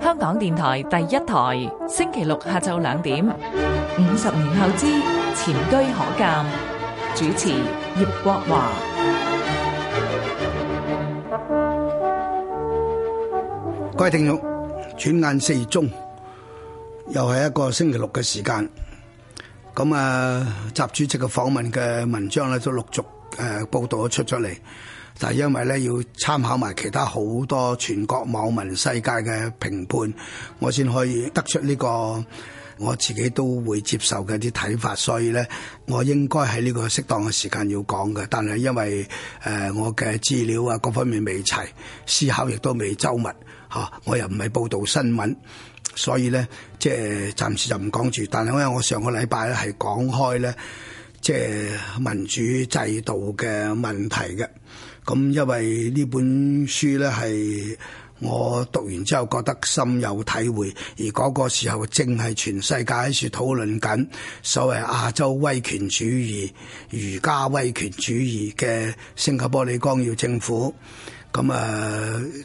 香港電台第一台，星期六下晝兩點，五十年後之前車可鑑，主持葉國華。各位聽眾，轉眼四月中，又係一個星期六嘅時間。咁啊，習主席嘅訪問嘅文章咧，都陸續誒報道咗出咗嚟。但係因為咧要參考埋其他好多全國網民、世界嘅評判，我先可以得出呢個我自己都會接受嘅啲睇法，所以咧我應該喺呢個適當嘅時間要講嘅。但係因為誒我嘅資料啊各方面未齊，思考亦都未周密吓，我又唔係報道新聞，所以咧即係暫時就唔講住。但係因為我上個禮拜咧係講開咧，即係民主制度嘅問題嘅。咁因為呢本書咧係我讀完之後覺得深有體會，而嗰個時候正係全世界喺處討論緊所謂亞洲威權主義、儒家威權主義嘅新加坡李光耀政府。咁啊，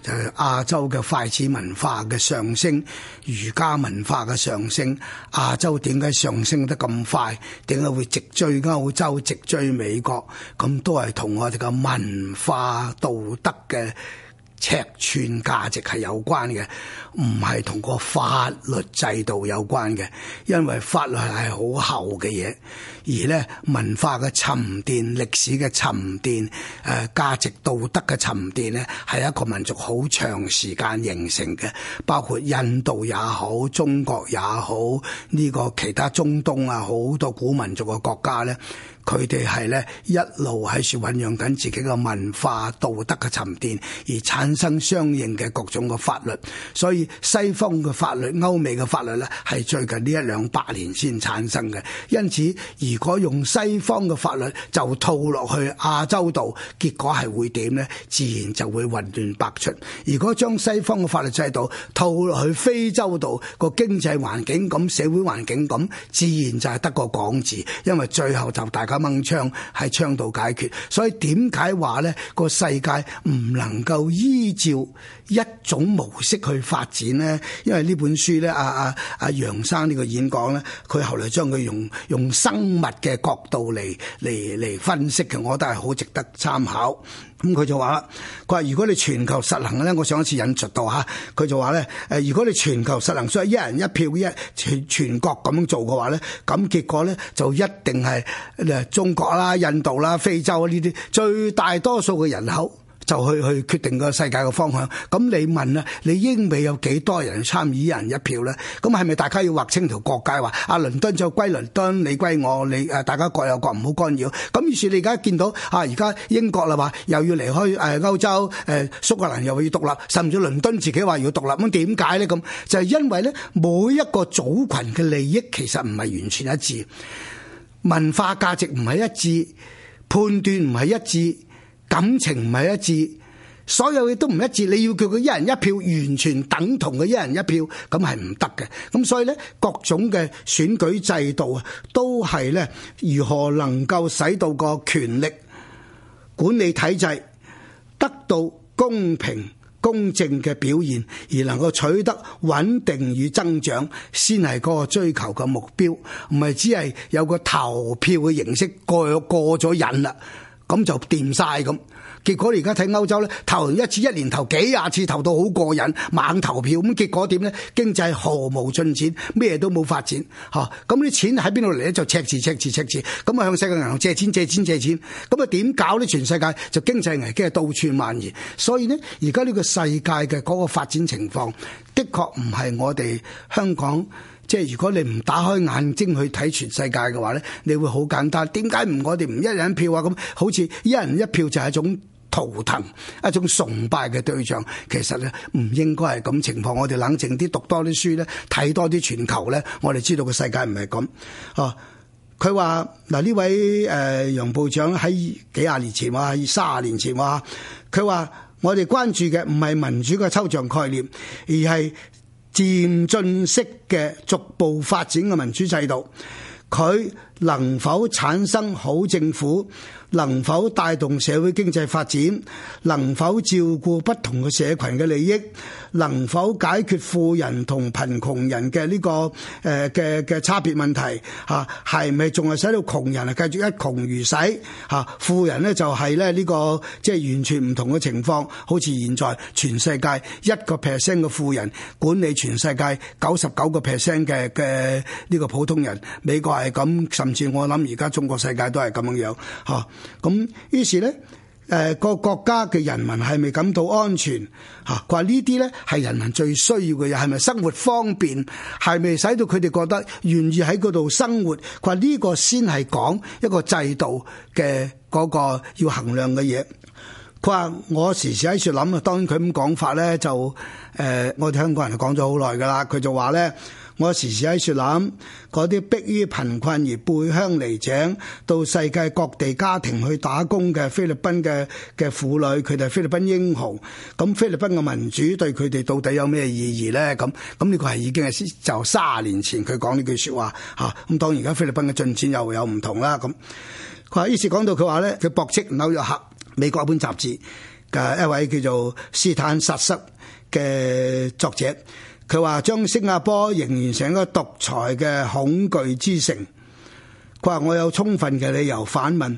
就係、嗯、亞洲嘅筷子文化嘅上升，儒家文化嘅上升，亞洲點解上升得咁快？點解會直追歐洲，直追美國，咁都係同我哋嘅文化道德嘅，尺寸價值係有關嘅，唔係同個法律制度有關嘅，因為法律係好後嘅嘢，而咧文化嘅沉澱、歷史嘅沉澱、誒、呃、價值道德嘅沉澱咧，係一個民族好長時間形成嘅，包括印度也好、中國也好，呢、這個其他中東啊好多古民族嘅國家咧。佢哋係咧一路喺處醞釀緊自己嘅文化道德嘅沉澱而產生相應嘅各種嘅法律。所以西方嘅法律、歐美嘅法律咧，係最近呢一兩百年先產生嘅。因此，如果用西方嘅法律就套落去亞洲度，結果係會點咧？自然就會混亂百出。如果將西方嘅法律制度套落去非洲度，那個經濟環境咁、社會環境咁，自然就係得個講字，因為最後就大家。掹槍係槍度解決，所以點解話咧個世界唔能夠依照一種模式去發展咧？因為呢本書咧，阿阿阿楊生呢個演講咧，佢後來將佢用用生物嘅角度嚟嚟嚟分析嘅，我覺得係好值得參考。咁佢就話啦，佢話如果你全球實行咧，我上一次引述到嚇，佢就話咧，誒如果你全球實行，所以一人一票一全全國咁樣做嘅話咧，咁結果咧就一定係誒中國啦、印度啦、非洲啦呢啲最大多數嘅人口。就去去決定個世界嘅方向。咁你問啊，你英美有幾多人參與一人一票咧？咁係咪大家要劃清條國界話，阿倫敦就歸倫敦，你歸我，你誒大家各有各，唔好干擾。咁於是你而家見到啊，而家英國啦話又要離開誒歐洲，誒、呃、蘇格蘭又要獨立，甚至倫敦自己話要獨立。咁點解咧？咁就係、是、因為咧，每一個組群嘅利益其實唔係完全一致，文化價值唔係一致，判斷唔係一致。感情唔係一致，所有嘢都唔一致。你要叫佢一人一票，完全等同佢一人一票，咁係唔得嘅。咁所以呢，各種嘅選舉制度啊，都係呢，如何能夠使到個權力管理體制得到公平公正嘅表現，而能夠取得穩定與增長，先係嗰個追求嘅目標，唔係只係有個投票嘅形式過過咗癮啦。咁就掂晒咁，結果你而家睇歐洲咧，投一次一年投幾廿次，投到好過癮，猛投票咁，結果點咧？經濟毫無進展，咩都冇發展，吓，咁啲錢喺邊度嚟咧？就赤字赤字赤字，咁啊向世界銀行借錢借錢借錢，咁啊點搞呢？全世界就經濟危機係到處蔓延，所以呢，而家呢個世界嘅嗰個發展情況，的確唔係我哋香港。即係如果你唔打開眼睛去睇全世界嘅話咧，你會好簡單。點解唔我哋唔一人一票啊？咁好似一人一票就係一種圖騰、一種崇拜嘅對象，其實咧唔應該係咁情況。我哋冷靜啲，讀多啲書咧，睇多啲全球咧，我哋知道個世界唔係咁。哦、啊，佢話嗱呢位誒、呃、楊部長喺幾廿年前哇，喺卅年前哇，佢話我哋關注嘅唔係民主嘅抽象概念，而係。漸進式嘅逐步發展嘅民主制度，佢。能否產生好政府？能否帶動社會經濟發展？能否照顧不同嘅社群嘅利益？能否解決富人同貧窮人嘅呢個誒嘅嘅差別問題嚇，係咪仲係使到窮人係繼續一窮如洗？吓、啊、富人咧就係咧呢個即係完全唔同嘅情況，好似現在全世界一個 percent 嘅富人管理全世界九十九個 percent 嘅嘅呢個普通人，美國係咁甚至似我諗而家中國世界都係咁樣樣吓，咁於是咧，誒個國家嘅人民係咪感到安全吓？佢話呢啲咧係人民最需要嘅嘢，係咪生活方便，係咪使到佢哋覺得願意喺嗰度生活？佢話呢個先係講一個制度嘅嗰個要衡量嘅嘢。佢話我時時喺處諗啊，當然佢咁講法咧就誒、呃，我哋香港人講咗好耐噶啦，佢就話咧。我時時喺度諗，嗰啲迫於貧困而背鄉離井到世界各地家庭去打工嘅菲律賓嘅嘅婦女，佢哋係菲律賓英雄。咁菲律賓嘅民主對佢哋到底有咩意義咧？咁咁呢個係已經係就卅年前佢講呢句説話嚇。咁、啊、當然而家菲律賓嘅進展又有唔同啦。咁佢話，於是講到佢話咧，佢駁斥紐，紐約客美國一本雜誌嘅一位叫做斯坦沙斯嘅作者。佢話將新加坡形成一個獨裁嘅恐懼之城。佢話，我有充分嘅理由反問。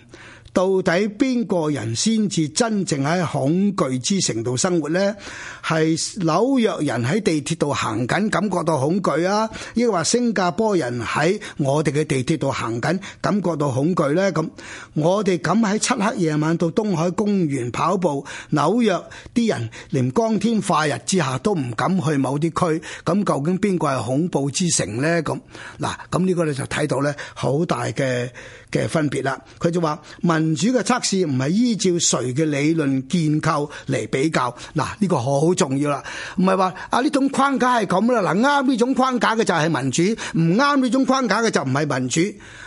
到底邊個人先至真正喺恐懼之城度生活咧？係紐約人喺地鐵度行緊感覺到恐懼啊，抑或新加坡人喺我哋嘅地鐵度行緊感覺到恐懼咧？咁我哋咁喺漆黑夜晚到東海公園跑步，紐約啲人連光天化日之下都唔敢去某啲區，咁究竟邊個係恐怖之城咧？咁嗱，咁呢個你就睇到咧，好大嘅嘅分別啦。佢就話問。民主嘅測試唔係依照誰嘅理論建構嚟比較，嗱呢、個好重要啦，唔係話啊呢種框架係咁啦，嗱，啱呢種框架嘅就係民主，唔啱呢種框架嘅就唔係民主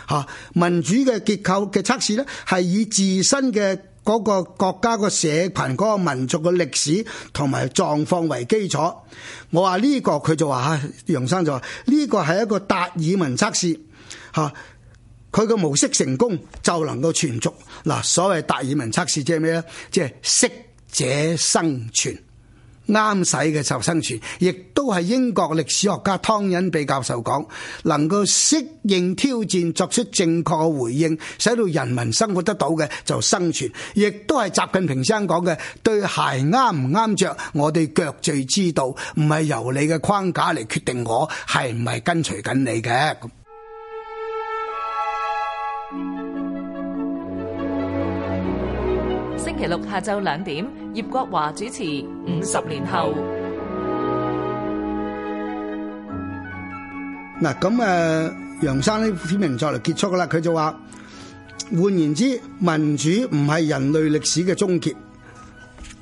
吓、啊。民主嘅結構嘅測試咧，係以自身嘅嗰個國家個社群、嗰、嗰個民族嘅歷史同埋狀況為基礎。我話呢、個佢就話吓楊生就話呢個係一個達爾文測試吓。啊佢個模式成功，就能夠存續。嗱，所謂達爾文測試即係咩咧？即係適者生存，啱使嘅就生存，亦都係英國歷史學家湯恩比教授講，能夠適應挑戰，作出正確嘅回應，使到人民生活得到嘅就生存，亦都係習近平先生講嘅。對鞋啱唔啱着，我哋腳最知道，唔係由你嘅框架嚟決定我係唔係跟隨緊你嘅。星期六下晝兩點，葉國華主持《五十年後》。嗱，咁誒，楊生呢篇名作嚟結束噶啦，佢就話，換言之，民主唔係人類歷史嘅終結。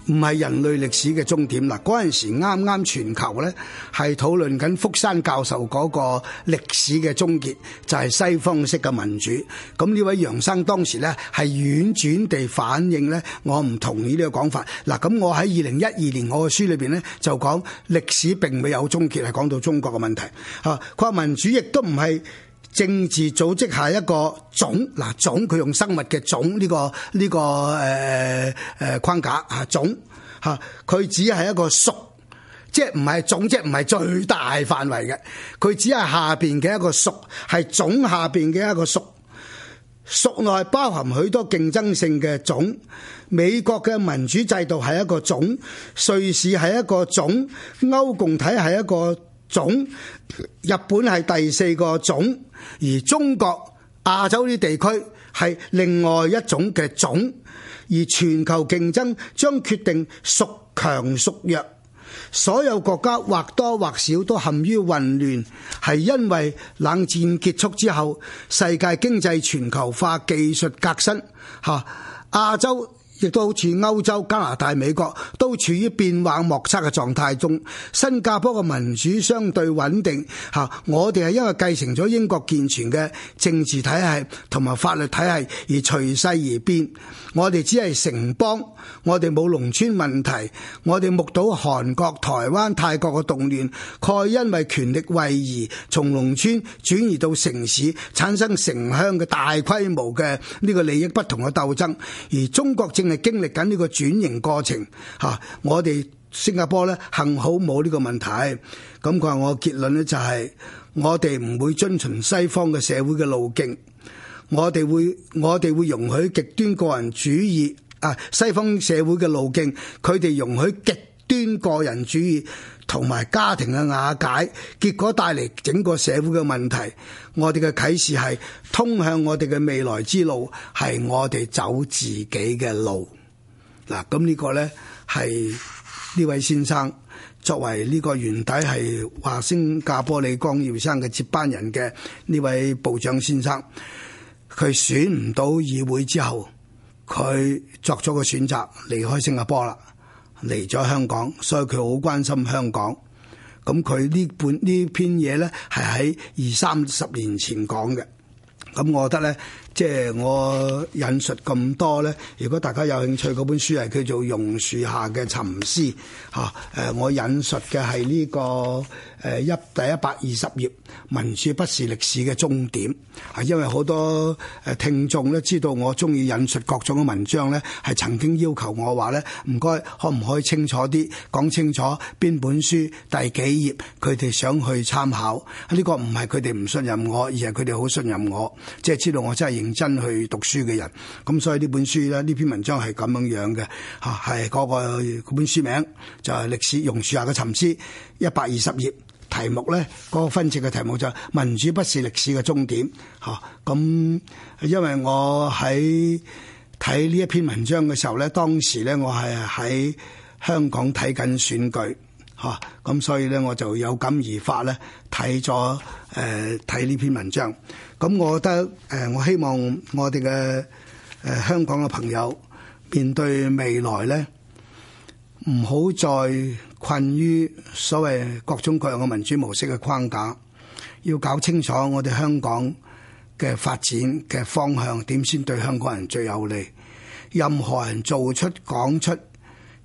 唔係人類歷史嘅終點。嗱，嗰陣時啱啱全球呢係討論緊福山教授嗰個歷史嘅終結，就係、是、西方式嘅民主。咁呢位楊生當時呢係婉轉地反映：「呢我唔同意呢個講法。」嗱，咁我喺二零一二年我嘅書裏邊呢就講歷史並未有終結，係講到中國嘅問題。嚇、啊，佢話民主亦都唔係。政治組織係一個種，嗱種佢用生物嘅種呢個呢個誒誒框架啊種吓，佢只係一個屬，即係唔係種，即係唔係最大範圍嘅，佢只係下邊嘅一個屬，係種下邊嘅一個屬，屬內包含許多競爭性嘅種。美國嘅民主制度係一個種，瑞士係一個種，歐共體係一個種，日本係第四個種。而中國、亞洲啲地區係另外一種嘅種，而全球競爭將決定孰強孰弱。所有國家或多或少都陷於混亂，係因為冷戰結束之後，世界經濟全球化、技術革新嚇亞洲。亦都好似歐洲、加拿大、美國都處於變幻莫測嘅狀態中。新加坡嘅民主相對穩定吓，我哋係因為繼承咗英國健全嘅政治體系同埋法律體系而隨勢而變，我哋只係城邦，我哋冇農村問題，我哋目睹韓國、台灣、泰國嘅動亂，概因為權力位移從農村轉移到城市，產生城鄉嘅大規模嘅呢個利益不同嘅鬥爭，而中國政。經歷緊呢個轉型過程吓，啊，我哋新加坡咧幸好冇呢個問題。咁佢話我結論咧就係、是，我哋唔會遵循西方嘅社會嘅路徑，我哋會我哋會容許極端個人主義啊，西方社會嘅路徑，佢哋容許極端個人主義。同埋家庭嘅瓦解，結果帶嚟整個社會嘅問題，我哋嘅啟示係通向我哋嘅未來之路，係我哋走自己嘅路。嗱、啊，咁呢個咧係呢位先生作為呢個原底係話新加坡李光耀生嘅接班人嘅呢位部長先生，佢選唔到議會之後，佢作咗個選擇離開新加坡啦。嚟咗香港，所以佢好關心香港。咁佢呢本呢篇嘢咧，係喺二三十年前講嘅。咁我覺得咧。即係我引述咁多咧，如果大家有興趣，嗰本書係叫做《榕樹下嘅沉思》吓，誒我引述嘅係呢個誒一第一百二十頁民主不是歷史嘅終點啊，因為好多誒聽眾咧知道我中意引述各種嘅文章咧，係曾經要求我話咧，唔該可唔可以清楚啲講清楚邊本書第幾頁佢哋想去參考。呢個唔係佢哋唔信任我，而係佢哋好信任我，即係知道我真係。認真去讀書嘅人，咁所以呢本書咧，呢篇文章係咁樣樣嘅，係嗰、嗰個本書名就係、是、歷史榕樹下嘅沉思，一百二十頁，題目咧嗰、嗰個分節嘅題目就係、民主不是歷史嘅終點，吓，咁因為我喺睇呢一篇文章嘅時候咧，當時咧我係喺香港睇緊選舉，吓，咁所以咧我就有感而發咧睇咗誒睇呢篇文章。咁，我覺得誒，我希望我哋嘅誒香港嘅朋友面對未來咧，唔好再困於所謂各種各樣嘅民主模式嘅框架，要搞清楚我哋香港嘅發展嘅方向點先對香港人最有利。任何人做出、講出、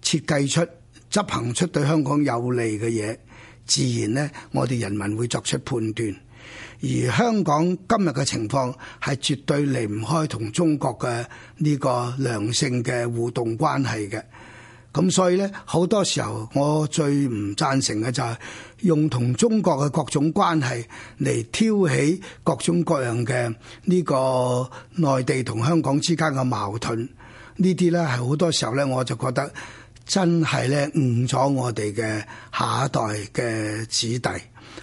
設計出、執行出對香港有利嘅嘢，自然咧，我哋人民會作出判斷。而香港今日嘅情況，係絕對離唔開同中國嘅呢個良性嘅互動關係嘅。咁所以咧，好多時候我最唔贊成嘅就係用同中國嘅各種關係嚟挑起各種各樣嘅呢個內地同香港之間嘅矛盾。呢啲咧係，好多時候咧，我就覺得真係咧誤咗我哋嘅下一代嘅子弟。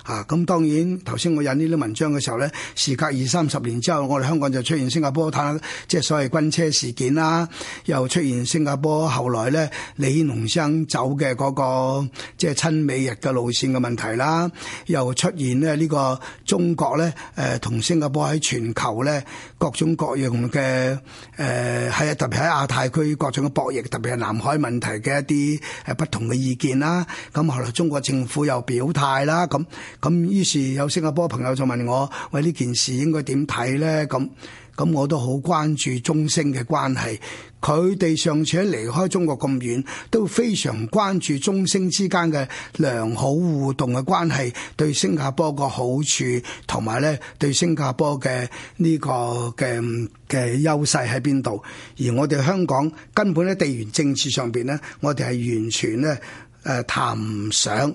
啊，咁當然頭先我引呢啲文章嘅時候咧，時隔二三十年之後，我哋香港就出現新加坡睇，即係所謂軍車事件啦，又出現新加坡後來咧李洪生走嘅嗰、那個即係親美日嘅路線嘅問題啦，又出現咧呢個中國咧誒同新加坡喺全球咧各種各樣嘅誒係啊，特別喺亞太區各種嘅博弈，特別係南海問題嘅一啲誒不同嘅意見啦。咁、啊、後來中國政府又表態啦，咁、啊。咁於是有新加坡朋友就問我：喂，呢件事應該點睇呢？咁咁我都好關注中星嘅關係，佢哋上次喺離開中國咁遠，都非常關注中星之間嘅良好互動嘅關係，對新加坡個好處，同埋咧對新加坡嘅呢個嘅嘅優勢喺邊度？而我哋香港根本咧地緣政治上邊咧，我哋係完全咧誒、呃、談唔上。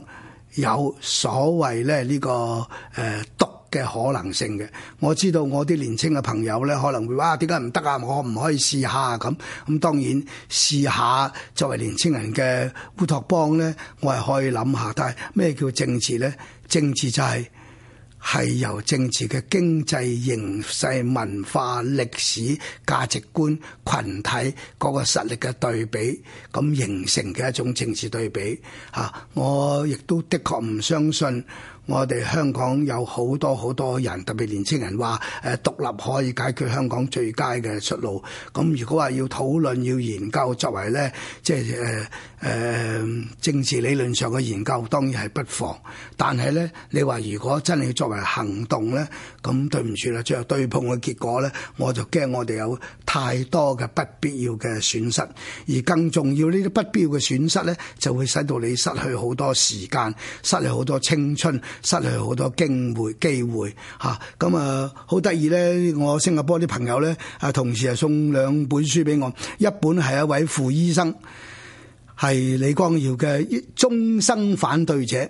有所謂咧呢、這個誒、呃、毒嘅可能性嘅，我知道我啲年青嘅朋友咧可能會話，點解唔得啊？我唔可以試下咁。咁、嗯、當然試下作為年青人嘅烏托邦咧，我係可以諗下，但係咩叫政治咧？政治就係、是。係由政治嘅經濟、形勢、文化、歷史、價值觀、群體嗰個實力嘅對比，咁形成嘅一種政治對比吓。我亦都的確唔相信。我哋香港有好多好多人，特別年青人話，誒，獨立可以解決香港最佳嘅出路。咁如果話要討論，要研究，作為咧，即係誒誒政治理論上嘅研究，當然係不妨。但係咧，你話如果真係作為行動咧，咁對唔住啦，最後對碰嘅結果咧，我就驚我哋有太多嘅不必要嘅損失。而更重要呢啲不必要嘅損失咧，就會使到你失去好多時間，失去好多青春。失去好多機會機會吓，咁啊！好得意咧，我新加坡啲朋友咧啊，同事啊送兩本書俾我，一本係一位副醫生，係李光耀嘅終生反對者。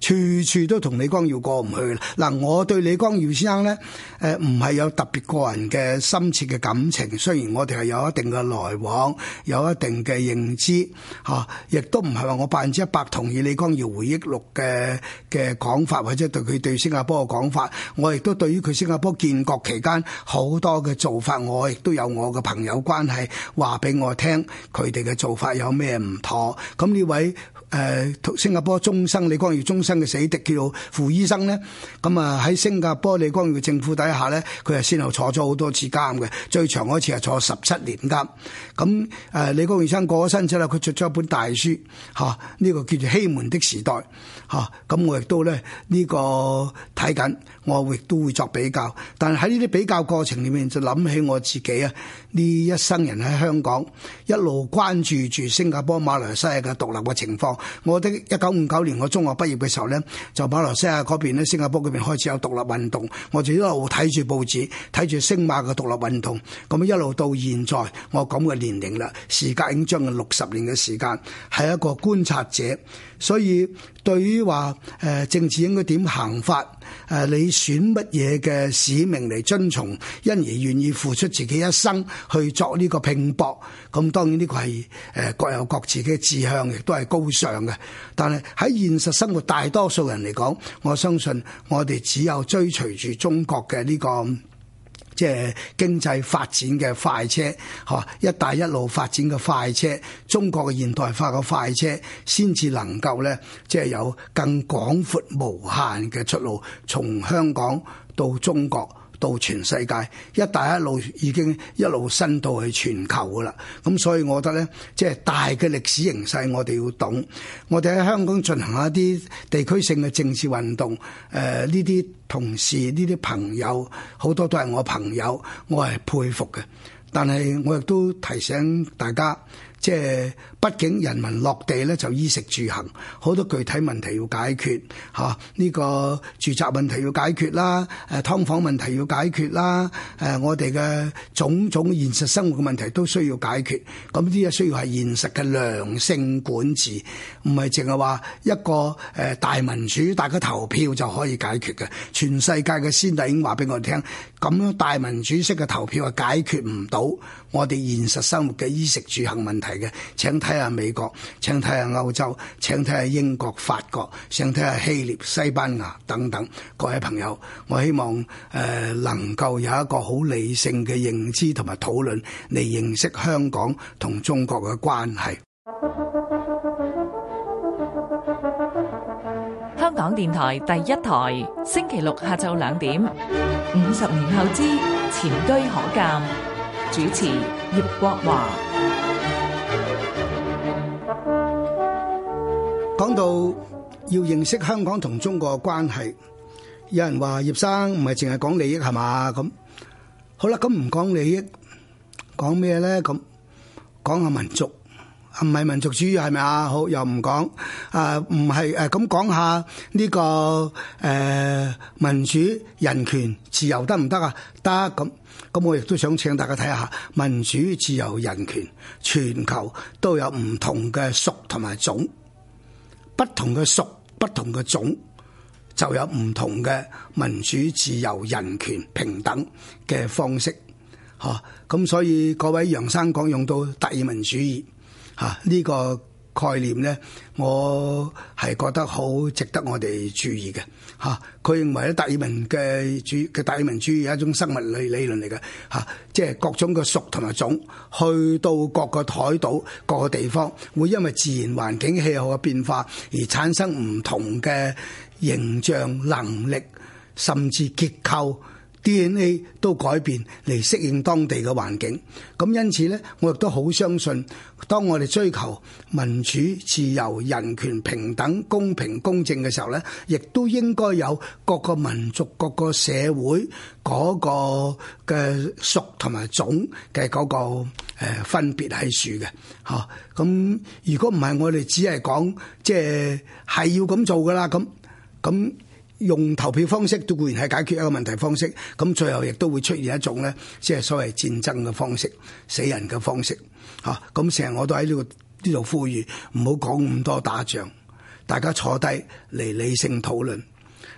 處處都同李光耀過唔去。嗱，我對李光耀先生呢，誒唔係有特別個人嘅深切嘅感情。雖然我哋係有一定嘅來往，有一定嘅認知，嚇、啊，亦都唔係話我百分之一百同意李光耀回憶錄嘅嘅講法，或者對佢對新加坡嘅講法，我亦都對於佢新加坡建國期間好多嘅做法，我亦都有我嘅朋友關係話俾我聽，佢哋嘅做法有咩唔妥？咁呢位？誒，新加坡終生李光耀終生嘅死敵叫做傅醫生呢，咁啊喺新加坡李光耀政府底下呢，佢係先後坐咗好多次監嘅，最長嗰次係坐十七年監。咁誒李光耀生過咗身之後，佢出咗一本大書，嚇、啊、呢、呢個叫做《欺門的時代》。吓，咁、啊、我亦都咧呢、呢個睇緊，我亦都會作比較，但係喺呢啲比較過程裏面，就諗起我自己啊，呢一生人喺香港一路關注住新加坡、馬來西亞嘅獨立嘅情況，我的一九五九年我中學畢業嘅時候咧，就馬來西亞嗰邊咧，新加坡嗰邊開始有獨立運動，我哋一路睇住報紙睇住星馬嘅獨立運動，咁一路到現在，我咁嘅年齡啦，時間已經將近六十年嘅時間，係一個觀察者。所以對於。話誒、呃，政治應該點行法？誒、呃，你選乜嘢嘅使命嚟遵從，因而願意付出自己一生去作呢個拼搏，咁、嗯、當然呢個係誒、呃、各有各自己嘅志向，亦都係高尚嘅。但係喺現實生活，大多數人嚟講，我相信我哋只有追隨住中國嘅呢個。即係經濟發展嘅快車，嚇！一帶一路發展嘅快車，中國嘅現代化嘅快車，先至能夠咧，即係有更廣闊無限嘅出路，從香港到中國。到全世界，一帶一路已經一路伸到去全球噶啦。咁所以，我覺得咧，即係大嘅歷史形勢，我哋要懂。我哋喺香港進行一啲地區性嘅政治運動，誒呢啲同事、呢啲朋友，好多都係我朋友，我係佩服嘅。但係我亦都提醒大家。即係，畢竟人民落地咧就衣食住行，好多具體問題要解決，嚇、啊、呢、這個住宅問題要解決啦，誒、啊、劏房問題要解決啦，誒、啊、我哋嘅種種現實生活嘅問題都需要解決，咁呢啲需要係現實嘅良性管治，唔係淨係話一個誒大民主，大家投票就可以解決嘅。全世界嘅先例已經話俾我哋聽。咁樣大民主式嘅投票啊，解決唔到我哋現實生活嘅衣食住行問題嘅。請睇下美國，請睇下歐洲，請睇下英國、法國，請睇下希臘、西班牙等等各位朋友。我希望誒、呃、能夠有一個好理性嘅認知同埋討論嚟認識香港同中國嘅關係。港電台第一台，星期六下晝兩點。五十年後之前車可鑒，主持葉國華。講到要認識香港同中國嘅關係，有人話葉生唔係淨係講利益係嘛咁。好啦，咁唔講利益，講咩咧？咁講下民族。唔係民族主義係咪啊？好又唔講啊，唔係誒咁講下呢、這個誒、呃、民主、人權、自由得唔得啊？得咁咁，我亦都想請大家睇下民主、自由、人權全球都有唔同嘅屬同埋種，不同嘅屬，不同嘅種，就有唔同嘅民主、自由、人權平等嘅方式吓。咁所以各位楊生講用到達爾文主吓呢個概念咧，我係覺得好值得我哋注意嘅吓。佢、啊、認為咧，達爾文嘅主嘅達爾文主義係一種生物類理論嚟嘅吓，即係各種嘅屬同埋種去到各個海島各個地方，會因為自然環境氣候嘅變化而產生唔同嘅形象、能力，甚至結構。DNA 都改變嚟適應當地嘅環境，咁因此咧，我亦都好相信，當我哋追求民主、自由、人權、平等、公平、公正嘅時候咧，亦都應該有各個民族、各個社會嗰個嘅屬同埋種嘅嗰個誒分別喺樹嘅，嚇。咁如果唔係我哋只係講，即係係要咁做噶啦，咁咁。用投票方式都固然係解決一個問題方式，咁最後亦都會出現一種咧，即係所謂戰爭嘅方式、死人嘅方式。嚇、啊！咁成日我都喺呢個呢度呼籲，唔好講咁多打仗，大家坐低嚟理性討論。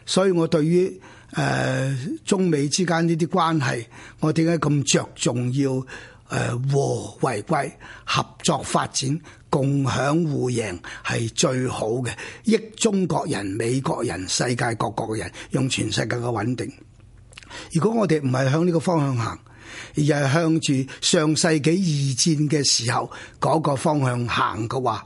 所以我對於誒、呃、中美之間呢啲關係，我點解咁着重要？誒和為貴，合作發展，共享互贏係最好嘅，益中國人、美國人、世界各國嘅人，用全世界嘅穩定。如果我哋唔係向呢個方向行，而係向住上世紀二戰嘅時候嗰、那個方向行嘅話，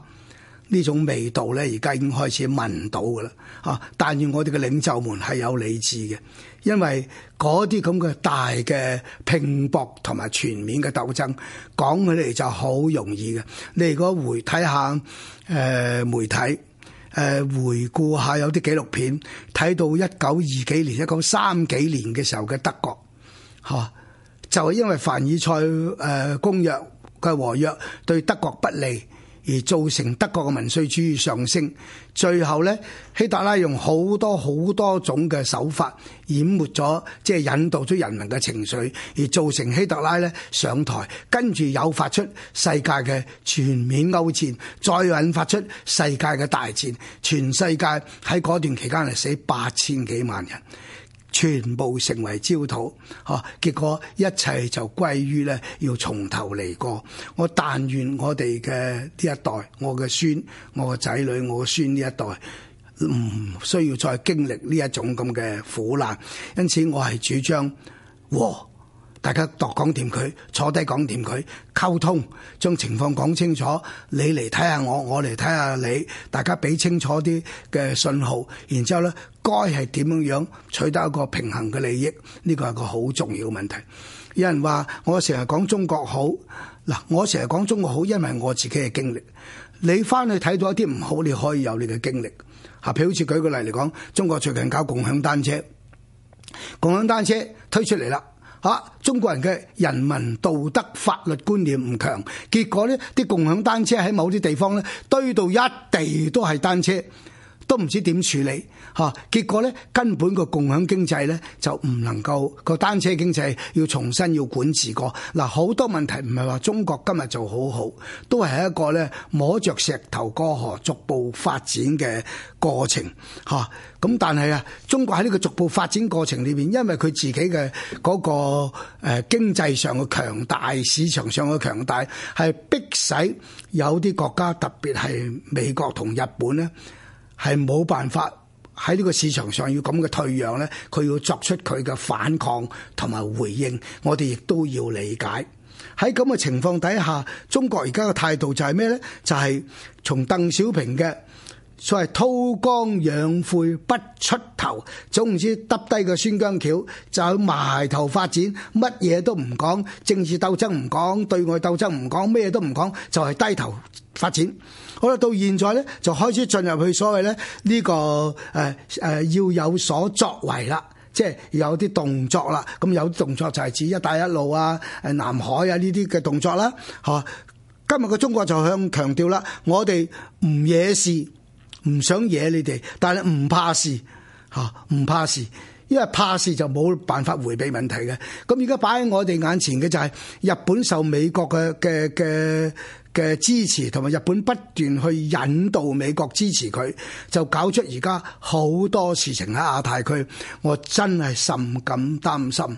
呢種味道咧，而家已經開始聞到㗎喇。嚇、啊！但願我哋嘅領袖們係有理智嘅。因為嗰啲咁嘅大嘅拼搏同埋全面嘅鬥爭，講起嚟就好容易嘅。你如果回睇下誒、呃、媒體，誒、呃、回顧下有啲紀錄片，睇到一九二幾年、一九三幾年嘅時候嘅德國，嚇就係、是、因為凡爾賽誒公約嘅和約對德國不利。而造成德國嘅民粹主義上升，最後呢，希特拉用好多好多種嘅手法掩沒咗，即係引導咗人民嘅情緒，而造成希特拉呢上台，跟住誘發出世界嘅全面歐戰，再引發出世界嘅大戰，全世界喺嗰段期間嚟死八千幾萬人。全部成為焦土，嚇、啊！結果一切就歸於咧，要從頭嚟過。我但願我哋嘅呢一代，我嘅孫，我嘅仔女，我嘅孫呢一代唔、嗯、需要再經歷呢一種咁嘅苦難。因此我，我係主張大家度講掂佢，坐低講掂佢，溝通將情況講清楚。你嚟睇下我，我嚟睇下你，大家俾清楚啲嘅信號。然之後呢，該係點樣樣取得一個平衡嘅利益？呢個係個好重要嘅問題。有人話我成日講中國好，嗱，我成日講中國好，因為我自己嘅經歷。你翻去睇到一啲唔好，你可以有你嘅經歷。嚇，譬如好似舉個例嚟講，中國最近搞共享單車，共享單車推出嚟啦。嚇、啊！中國人嘅人民道德法律觀念唔強，結果呢啲共享單車喺某啲地方呢，堆到一地都係單車，都唔知點處理。嚇、啊，結果咧根本個共享經濟咧就唔能夠，個單車經濟要重新要管治過嗱，好多問題。唔係話中國今日就好好，都係一個咧摸着石頭過河，逐步發展嘅過程嚇。咁、啊、但係啊，中國喺呢個逐步發展過程裏邊，因為佢自己嘅嗰個誒經濟上嘅強大、市場上嘅強大，係迫使有啲國家特別係美國同日本咧係冇辦法，喺呢個市場上要咁嘅退讓咧，佢要作出佢嘅反抗同埋回應，我哋亦都要理解。喺咁嘅情況底下，中國而家嘅態度就係咩咧？就係從鄧小平嘅。所謂韜光養晦不出頭，總唔知耷低個孫江橋就埋頭發展，乜嘢都唔講，政治鬥爭唔講，對外鬥爭唔講，咩嘢都唔講，就係低頭發展。好啦，到現在咧就開始進入去所謂咧呢個誒誒要有所作為啦，即係有啲動作啦。咁有啲動作就係指一帶一路啊、誒南海啊呢啲嘅動作啦。嚇，今日嘅中國就向強調啦，我哋唔惹事。唔想惹你哋，但係唔怕事嚇，唔、啊、怕事，因為怕事就冇辦法回避問題嘅。咁而家擺喺我哋眼前嘅就係日本受美國嘅嘅嘅嘅支持，同埋日本不斷去引導美國支持佢，就搞出而家好多事情喺亞太區。我真係甚感擔心。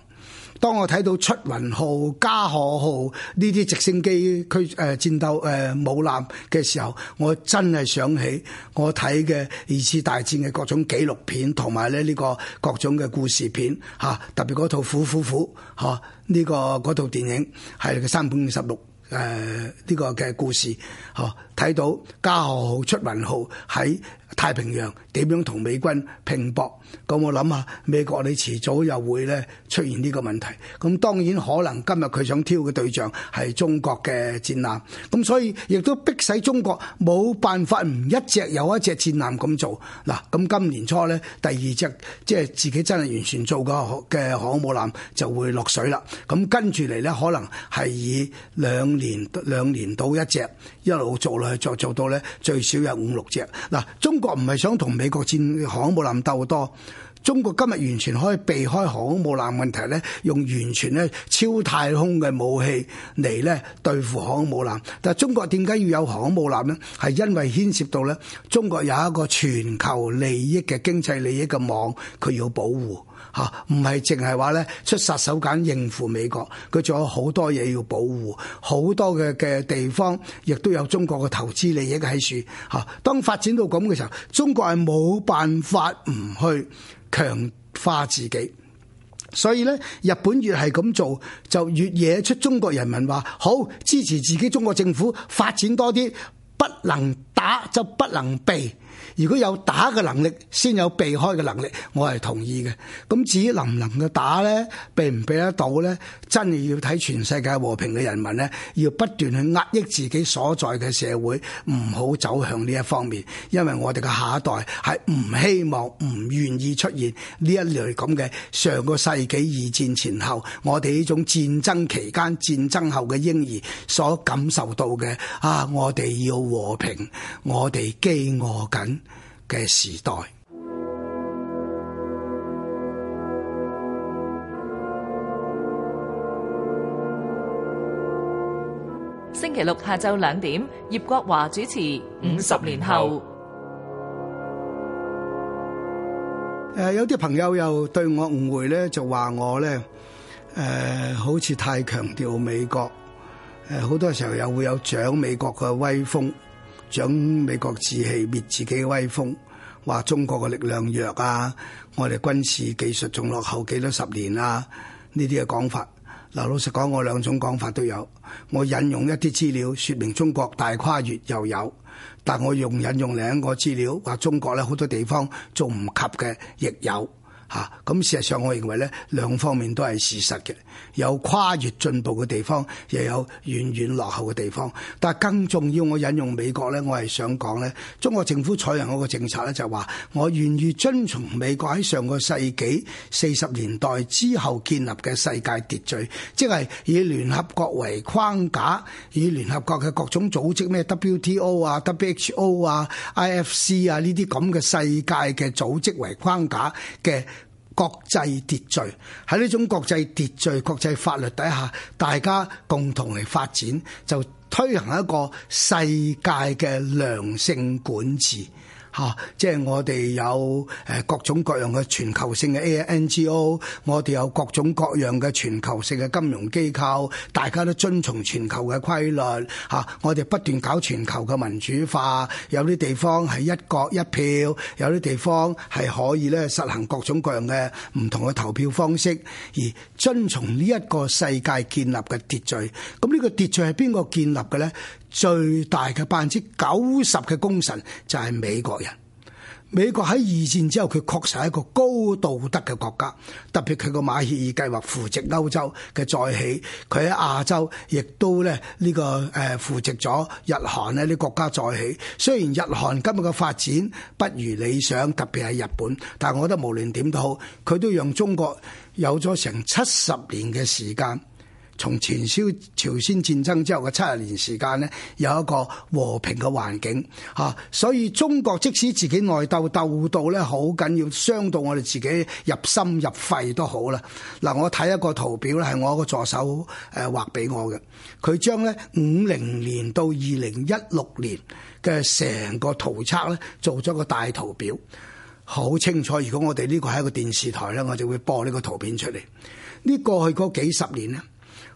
當我睇到出雲號、加賀號呢啲直升機區誒戰鬥誒母艦嘅時候，我真係想起我睇嘅二次大戰嘅各種紀錄片，同埋咧呢個各種嘅故事片嚇，特別嗰套《虎虎虎》嚇，呢、啊這個嗰套電影係個山本五十六。誒呢、呃這個嘅故事，嗬、哦、睇到加賀號出雲號喺太平洋點樣同美軍拼搏，咁我諗下美國你遲早又會咧出現呢個問題。咁當然可能今日佢想挑嘅對象係中國嘅戰艦，咁所以亦都迫使中國冇辦法唔一隻有一隻戰艦咁做。嗱，咁今年初咧第二隻即係自己真係完全做過嘅航空母艦就會落水啦。咁跟住嚟咧可能係以兩年兩年到一隻，一路做落去，做做到咧最少有五六隻。嗱、啊，中國唔係想同美國戰航空母艦鬥多，中國今日完全可以避開航空母艦問題咧，用完全咧超太空嘅武器嚟咧對付航空母艦。但係中國點解要有航空母艦呢？係因為牽涉到咧，中國有一個全球利益嘅經濟利益嘅網，佢要保護。嚇，唔係淨係話咧出殺手鐧應付美國，佢仲有好多嘢要保護，好多嘅嘅地方亦都有中國嘅投資利益喺處嚇。當發展到咁嘅時候，中國係冇辦法唔去強化自己，所以咧日本越係咁做，就越惹出中國人民話好支持自己中國政府發展多啲，不能打就不能避。如果有打嘅能力，先有避開嘅能力，我係同意嘅。咁至於能唔能夠打呢？避唔避得到呢？真係要睇全世界和平嘅人民呢，要不斷去壓抑自己所在嘅社會，唔好走向呢一方面。因為我哋嘅下一代係唔希望、唔願意出現呢一類咁嘅。上個世紀二戰前後，我哋呢種戰爭期間、戰爭後嘅嬰兒所感受到嘅啊，我哋要和平，我哋飢餓緊。嘅時代。星期六下晝兩點，葉國華主持《五十年後》。誒，有啲朋友又對我誤會咧，就話我咧，誒、呃，好似太強調美國，誒，好多時候又會有長美國嘅威風。長美國志氣滅自己威風，話中國嘅力量弱啊，我哋軍事技術仲落後幾多十年啊，呢啲嘅講法。嗱，老實講，我兩種講法都有。我引用一啲資料說明中國大跨越又有，但我用引用兩個資料話中國咧好多地方仲唔及嘅亦有。嚇，咁事實上，我認為咧，兩方面都係事實嘅，有跨越進步嘅地方，又有遠遠落後嘅地方。但係更重要，我引用美國咧，我係想講咧，中國政府採用嗰個政策咧，就係話我願意遵從美國喺上個世紀四十年代之後建立嘅世界秩序，即係以聯合國為框架，以聯合國嘅各種組織咩 WTO 啊、WHO 啊、IFC 啊呢啲咁嘅世界嘅組織為框架嘅國際秩序。喺呢種國際秩序、國際法律底下，大家共同嚟發展，就推行一個世界嘅良性管治。嚇、啊！即係我哋有誒各種各樣嘅全球性嘅 NGO，我哋有各種各樣嘅全球性嘅金融機構，大家都遵從全球嘅規律嚇、啊。我哋不斷搞全球嘅民主化，有啲地方係一國一票，有啲地方係可以咧實行各種各樣嘅唔同嘅投票方式，而遵從呢一個世界建立嘅秩序。咁呢個秩序係邊個建立嘅咧？最大嘅百分之九十嘅功臣就係美國人。美國喺二戰之後，佢確實係一個高道德嘅國家，特別佢個馬歇爾計劃扶植歐洲嘅再起，佢喺亞洲亦都咧呢個誒扶植咗日韓呢啲國家再起。雖然日韓今日嘅發展不如理想，特別係日本，但係我覺得無論點都好，佢都讓中國有咗成七十年嘅時間。從前朝朝鮮戰爭之後嘅七十年時間呢，有一個和平嘅環境嚇、啊，所以中國即使自己外鬥，鬥鬥到呢，好緊要傷到我哋自己入心入肺都好啦。嗱、啊，我睇一個圖表咧，係我一個助手誒、呃、畫俾我嘅，佢將呢五零年到二零一六年嘅成個圖冊呢，做咗個大圖表，好清楚。如果我哋呢個係一個電視台呢，我就會播呢個圖片出嚟。呢過去嗰幾十年呢。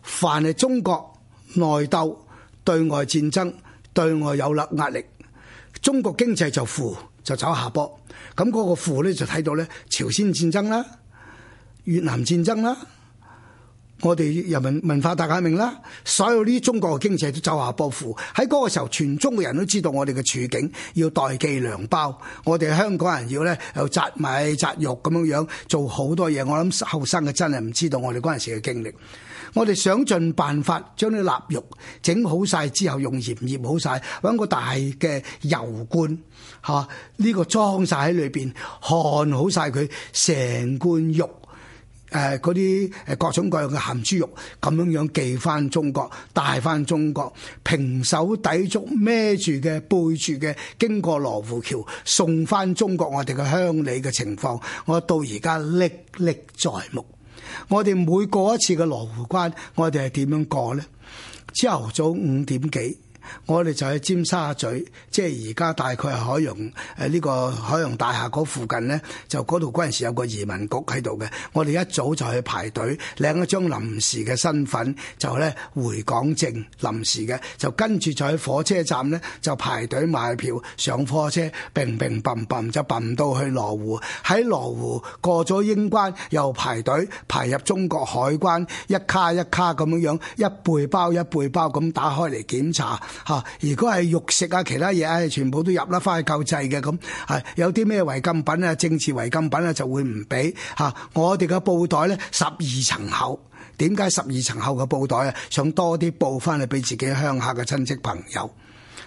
凡係中國內鬥、對外戰爭、對外有勒壓力，中國經濟就負就走下坡。咁嗰個負咧就睇到咧，朝鮮戰爭啦、越南戰爭啦、我哋人民文化大革命啦，所有呢啲中國嘅經濟都走下坡。負。喺嗰個時候，全中國人都知道我哋嘅處境，要代寄糧包，我哋香港人要咧有紮米紮肉咁樣樣，做好多嘢。我諗後生嘅真係唔知道我哋嗰陣時嘅經歷。我哋想盡辦法將啲臘肉整好晒之後，用鹽醃好晒，揾個大嘅油罐，嚇、啊、呢、這個裝晒喺裏邊，焊好晒佢，成罐肉，誒嗰啲誒各種各樣嘅鹹豬肉，咁樣樣寄翻中國，帶翻中，中國，平手抵足孭住嘅背住嘅，經過羅湖橋送翻中國，我哋嘅鄉里嘅情況，我到而家歷歷在目。我哋每過一次嘅羅湖關，我哋係點樣過咧？朝頭早五點幾？我哋就喺尖沙咀，即係而家大概海洋誒呢個海洋大廈嗰附近咧，就嗰度嗰陣時有個移民局喺度嘅。我哋一早就去排隊，領一張臨時嘅身份就，就咧回港證臨時嘅，就跟住就喺火車站咧就排隊買票上火車，乒乒嘭嘭就嘭到去羅湖。喺羅湖過咗英關又排隊排入中國海關一卡一卡咁樣樣一背包一背包咁打開嚟檢查。吓，如果係肉食啊，其他嘢啊，全部都入得翻去救濟嘅。咁，係有啲咩違禁品啊，政治違禁品啊，就會唔俾吓。我哋嘅布袋咧十二層厚，點解十二層厚嘅布袋啊？想多啲布翻嚟俾自己鄉下嘅親戚朋友。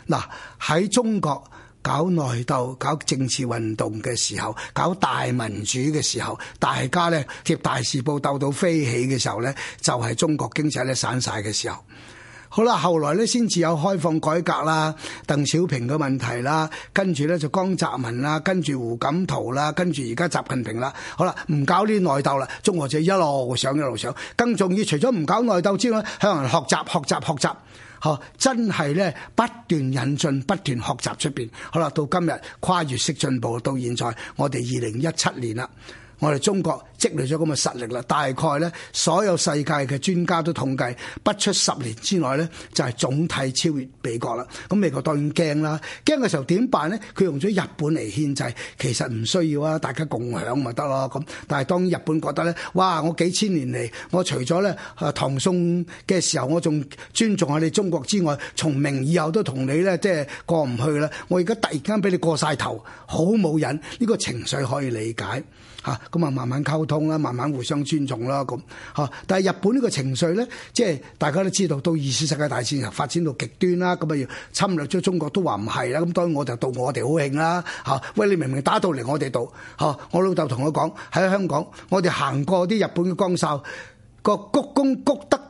嗱，喺中國搞內鬥、搞政治運動嘅時候，搞大民主嘅時候，大家咧貼大字報鬥到飛起嘅時候咧，就係中國經濟咧散晒嘅時候。好啦，後來咧先至有開放改革啦，鄧小平嘅問題啦，跟住咧就江澤民啦，跟住胡錦濤啦，跟住而家習近平啦。好啦，唔搞呢啲內鬥啦，中國就一路上一路上。更重要，除咗唔搞內鬥之外，向人學習學習學習，嚇真係咧不斷引進、不斷學習出邊。好啦，到今日跨越式進步，到現在我哋二零一七年啦。我哋中國積累咗咁嘅實力啦，大概咧所有世界嘅專家都統計，不出十年之內咧就係總體超越美國啦。咁美國當然驚啦，驚嘅時候點辦咧？佢用咗日本嚟牽制，其實唔需要啊，大家共享咪得咯咁。但係當日本覺得咧，哇！我幾千年嚟，我除咗咧唐宋嘅時候，我仲尊重我哋中國之外，從明以後都同你咧即係過唔去啦。我而家突然間俾你過晒頭，好冇癮，呢個情緒可以理解。嚇咁啊，慢慢溝通啦，慢慢互相尊重啦，咁嚇。但係日本呢個情緒咧，即係大家都知道，到二次世界大戰又發展到極端啦，咁啊要侵略咗中國都話唔係啦。咁當然我就到我哋好慶啦嚇。喂，你明明打到嚟我哋度嚇，我老豆同我講喺香港，我哋行過啲日本嘅崗哨，個鞠躬鞠得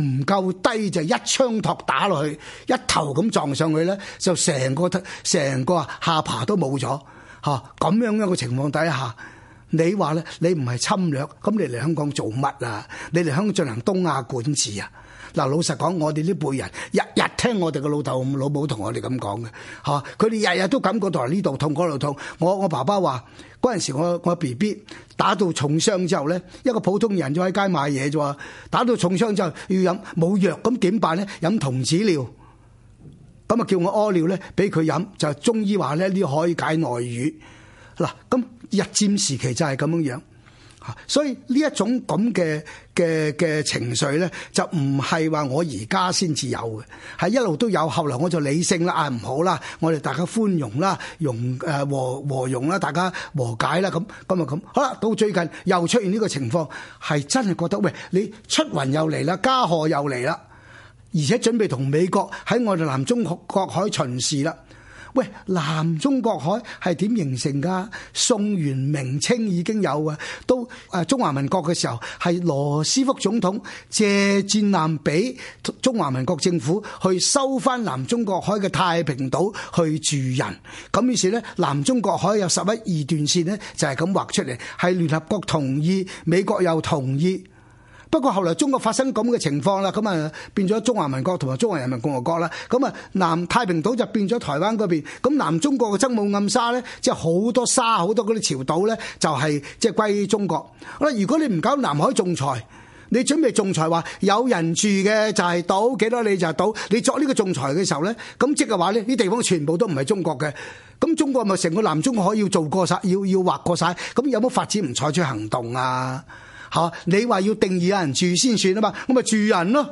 唔夠低就一槍托打落去，一頭咁撞上去咧，就成個成個下巴都冇咗嚇。咁樣一個情況底下。你話咧，你唔係侵略，咁你嚟香港做乜啊？你嚟香港進行東亞管治啊？嗱，老實講，我哋呢輩人日日聽我哋個老豆老母同我哋咁講嘅，嚇，佢哋日日都感覺到嚟呢度痛嗰度痛。我我爸爸話嗰陣時我，我我 B B 打到重傷之後咧，一個普通人就喺街買嘢咋喎，打到重傷之後要飲冇藥，咁點辦咧？飲童子尿，咁啊叫我屙尿咧俾佢飲，就係，中醫話咧呢可以解內瘀。嗱咁。日佔時期就係咁樣樣，所以呢一種咁嘅嘅嘅情緒咧，就唔係話我而家先至有嘅，係一路都有。後嚟我就理性啦，啊唔好啦，我哋大家寬容啦，容誒和和容啦，大家和解啦，咁咁啊咁。好啦，到最近又出現呢個情況，係真係覺得喂，你出雲又嚟啦，加賀又嚟啦，而且準備同美國喺我哋南中國海巡視啦。喂，南中國海係點形成㗎？宋元明清已經有啊，都誒中華民國嘅時候，係羅斯福總統借戰艦俾中華民國政府去收翻南中國海嘅太平島去住人，咁於是咧，南中國海有十一二段線呢，就係咁畫出嚟，係聯合國同意，美國又同意。不過後來中國發生咁嘅情況啦，咁啊變咗中華民國同埋中華人民共和國啦，咁啊南太平島就變咗台灣嗰邊，咁南中國嘅曾母暗沙咧，即係好多沙好多嗰啲潮島咧，就是，就係即係歸於中國。好啦，如果你唔搞南海仲裁，你準備仲裁話有人住嘅就係島，幾多你就係島，你作呢個仲裁嘅時候咧，咁即係話呢啲地方全部都唔係中國嘅，咁中國咪成個南中國要做過晒，要要劃過晒，咁有冇發展唔採取行動啊？吓、啊，你話要定義有人住先算啊嘛，咁咪住人咯，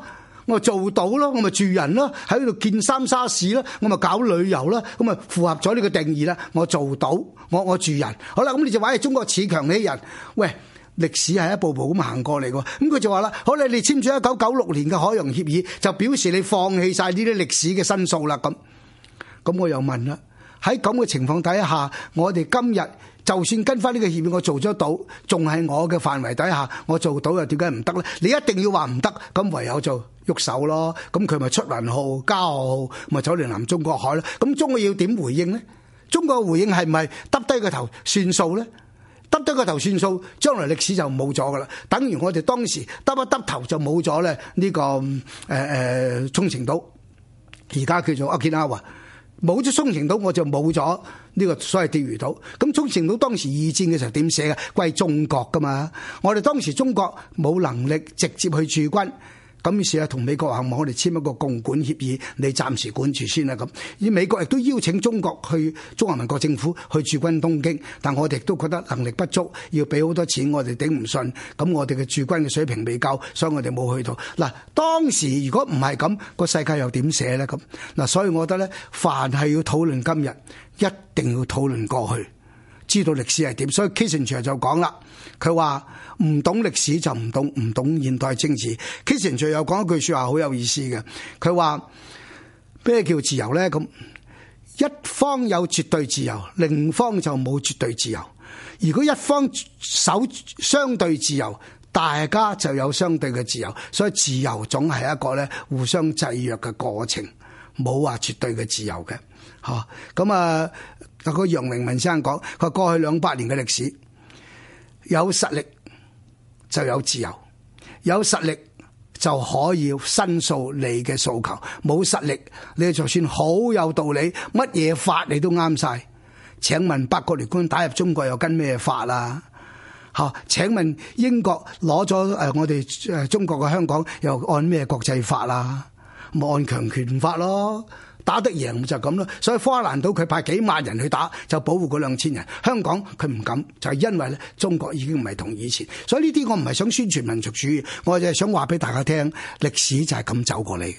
我做到咯，我咪住人咯，喺度建三沙市咯，我咪搞旅遊咯，咁咪符合咗呢個定義啦，我做到，我我住人，好啦，咁你就話係中國恃強凌人，喂，歷史係一步步咁行過嚟嘅。咁佢就話啦，好啦，你簽咗一九九六年嘅海洋協議，就表示你放棄晒呢啲歷史嘅申訴啦，咁，咁我又問啦，喺咁嘅情況底下，我哋今日。就算跟翻呢個協議，我做咗到，仲喺我嘅範圍底下，我做到又點解唔得咧？你一定要話唔得，咁唯有就喐手咯。咁佢咪出雲號、加號，咪走亂南中國海咯？咁中國要點回應咧？中國嘅回應係咪耷低個頭算數咧？耷低個頭算數，將來歷史就冇咗噶啦。等於我哋當時耷一耷頭就冇咗咧，呢個誒誒沖繩島，而家叫做 Okinawa，冇咗沖繩島我就冇咗。呢個所謂釣魚島，咁沖繩島當時二戰嘅時候點寫嘅？歸中國噶嘛？我哋當時中國冇能力直接去駐軍。咁於是啊，同美國啊，我哋簽一個共管協議，你暫時管住先啦。咁而美國亦都邀請中國去中華民國政府去駐軍東京，但我哋亦都覺得能力不足，要俾好多錢，我哋頂唔順。咁我哋嘅駐軍嘅水平未夠，所以我哋冇去到。嗱，當時如果唔係咁，個世界又點寫咧？咁嗱，所以我覺得咧，凡係要討論今日，一定要討論過去。知道歷史係點，所以 Kissinger 就講啦，佢話唔懂歷史就唔懂唔懂現代政治。Kissinger 又講一句説話好有意思嘅，佢話咩叫自由咧？咁一方有絕對自由，另一方就冇絕對自由。如果一方守相對自由，大家就有相對嘅自由。所以自由總係一個咧互相制約嘅過程，冇話絕對嘅自由嘅。嚇咁啊！嗱，個楊明文先生講：佢過去兩百年嘅歷史，有實力就有自由，有實力就可以申訴你嘅訴求。冇實力，你就算好有道理，乜嘢法你都啱晒。請問八國聯軍打入中國又跟咩法啦？嚇！請問英國攞咗誒我哋誒中國嘅香港又按咩國際法啦、啊？冇按強權法咯。打得贏就咁咯，所以花蘭島佢派幾萬人去打，就保護嗰兩千人。香港佢唔敢，就係因為咧中國已經唔係同以前，所以呢啲我唔係想宣傳民族主義，我就係想話俾大家聽，歷史就係咁走過嚟嘅。